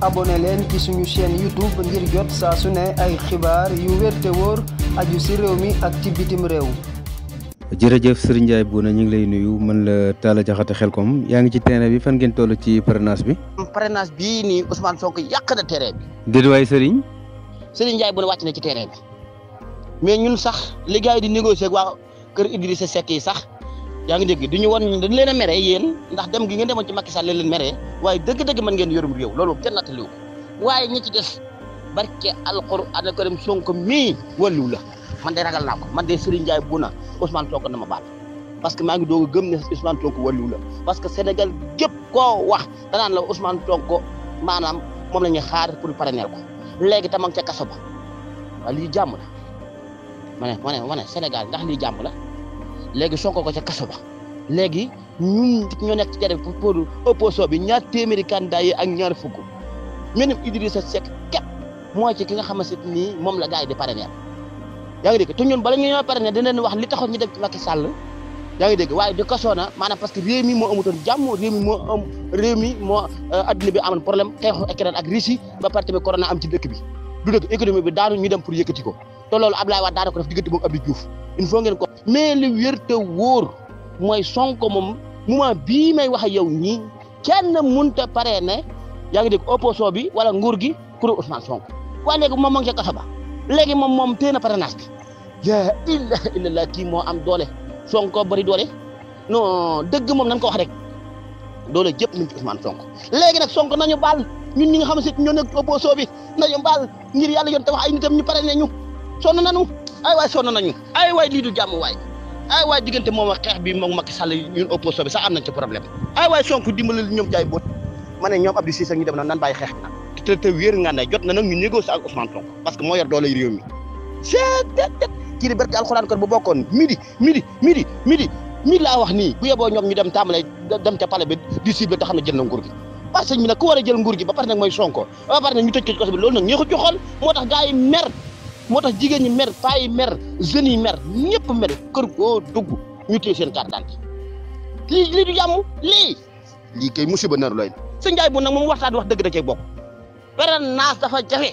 abonné leen ci suñu chaîne YouTube ngir jot saa su ne ay xibaar yu wér te wóor aju si réew mi ak ci bitim réew. jërëjëf Serigne Ndiaye na ñu ngi lay nuyu mën la a Talla xel Xelkom yaa ngi ci terrain bi fan ngeen toll ci parrainage bi. parrainage bii ni Ousmane Sonko yàq na terrain bi. déedéet waay Serigne. Serigne Ndiaye Bouna wàcc na ci terrain bi mais ñun sax li gars yi di négocier waa kër Idrissa Seck sax. yaa ngi dégg du ñu won dañ leen mere yéen ndax dem gi ngeen demoon ci Macky Sall leen leen dëgg-dëgg mën ngeen yorum réew loolu kenn nattaliwu waaye ñi ci des barke alxuraan ko dem Sonko mii wàlluw la man de ragal naa ko man de Serigne Ndiaye bu na Ousmane Sonko na ma baat parce que maa ngi doog a gëm ne Ousmane Sonko wàlluw parce que Sénégal gépp koo wax danaan la Ousmane Sonko maanaam moom la ñuy xaar pare parrainer ko léegi tamang ca kaso ba jàmm la ma ne Sénégal ndax lii jàmm la léegi Sonko ko ca kaso ba léegi ñun ñoo nekk ci terrain pour opposition bi ñaar téeméeri candidat yi ak ñaar fukk menam Idrissa Seck képp moo ci ki nga xamante ni moom la gars yi di parrainer yaa ngi dégg te bala ñu ñoo parrainer dañ wax li taxoon ñu dem ci Macky Sall yaa ngi dégg waaye di kasoona maanaam parce que réew mi moo amutoon jàmm réew mi moo am réew mi moo euh, adduna bi amoon problème xeexu Ukraine ak Russie ba parti bi corona am ci dëkk bi du dëkk économie bi daanu ñu dem pour yëkkati ko ko def diggante moom Abdou il ko mais li wér te wóor mooy Sonko moom moment bii may wax ak yow ñii kenn mënta paree ne yaa ngi dégg opposition bi wala nguur gi pour Ousmane Sonko waaye léegi moom moo ngi ca kaso léegi moom moom téye na parrainage bi yaa ilaha illallah kii moo am doole Sonko bari doole non dëgg moom nañ ko wax rek doole jëpp nañ ci Ousmane Sonko léegi nag Sonko nañu baal ñun ñi nga xam ne ñoo nekk opposition bi nañu baal ngir yàlla yoon te wax ay nitam ñu pare ne ñu sonn nañu ay waay sonn nañu ay waay lii du jàmm waay ay waay diggante moom xeex bi moom Macky Sall ñun opposition bi sax am nañ ci problème ay waay Sonko dimbali ñoom jaay boot ma ne ñoom Abdou Cissé ak ñu dem na nan bàyyi xeex bi nag na nag ñu négocier ak Ousmane Sonko parce que moo yor doole réew mi seet kii di barke alxuraan kon bu bokkoon midi midi midi midi midi laa wax nii bu yeboo ñoom ñu dem tàmbale dem ca pale bi di cible te xam ne jël na nguur parce que ñu nag ku war a jël nguur gi ba pare nag mooy Sonko ba pare nag ñu tëj ko moo tax jigéen ñi mer paa yi mer jeunes yi mer ñëpp mer kër goo dugg ñu téye seen carte d'identité lii du jàmm lii lii kay musiba nar looy sëñ Ndiaye bu nag moom waxtaan wax dëgg da cay bokk parrainage dafa jafe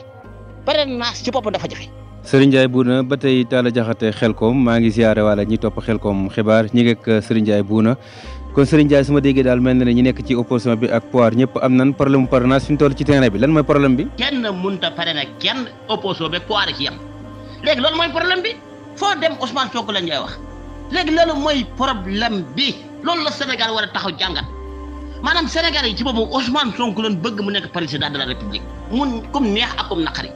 parrainage ci boppam dafa jafe. Serigne Ndiaye Bouna ba tey Talla xel xelkom maa ngi ziare wala ñi topp xelkom xibaar ñi ngeeg Serigne Ndiaye kon Serigne Ndiaye su ma déggee daal mel na ne ñi nekk ci opposition bi ak pouvoir ñëpp am nan problème par parrainage fi ci terrain bi lan mooy problème bi. a parrainer kenn opposition bi pouvoir ci yam léegi loolu mooy problème bi foo dem Ousmane Sonko lañ lay wax léegi loolu mooy problème bi loolu la Sénégal war a taxaw jàngat maanaam Sénégal yi ci boobu Ousmane Sonko lañ bëgg mu nekk président de la République mun comme neex ak comme naqari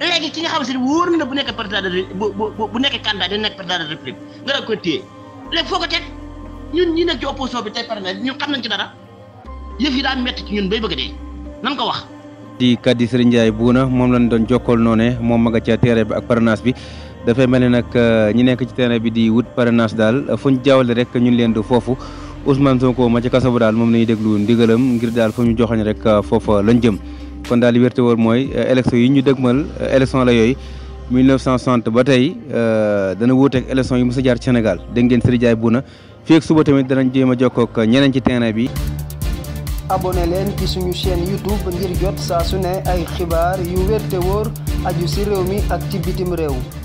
léegi ki nga xam ne wóor na bu nekk président de bu bu bu nekk candidat di nekk président nga la ko téye léegi foo ko ñun ñi nekk ci opposition bi tey pare na ñun xam nañ ci dara yëf yi wax. di moom lañ doon jokkool noone moom ma nga ca bi ak parrainage bi dafay mel ne nag euh, ñi nekk ci terrain bi di wut parrainage daal fu ñu jaawale rek ñun leen di foofu Ousmane Sonko ma ci kaso ba daal moom la ñuy déglu ndigalam ngir daal fu ñu joxoñ rek euh, foofa lañ jëm kon daal di wérte mooy euh, élection yi ñu dëgmal élection la yooyu 1960 ba tey dana wuuteeg élection yi mos a jaar ci Sénégal dégg ngeen Serigne Ndiaye fii ak suba tamit danañ jéem a jokkoo ak ñeneen ci terrain bi. abonné leen ci suñu chaîne YouTube ngir jot saa su ne ay xibaar yu wér woor wóor aju ci réew mi ak ci bitim réew.